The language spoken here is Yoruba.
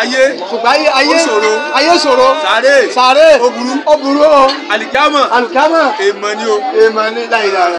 ayé ṣùgbọ́n ayé ayé ṣòro ayé ṣòro sàárè sàárè oburu oburu o alikama alikama èèmọ̀ ni o èèmọ̀ ni láyé dára.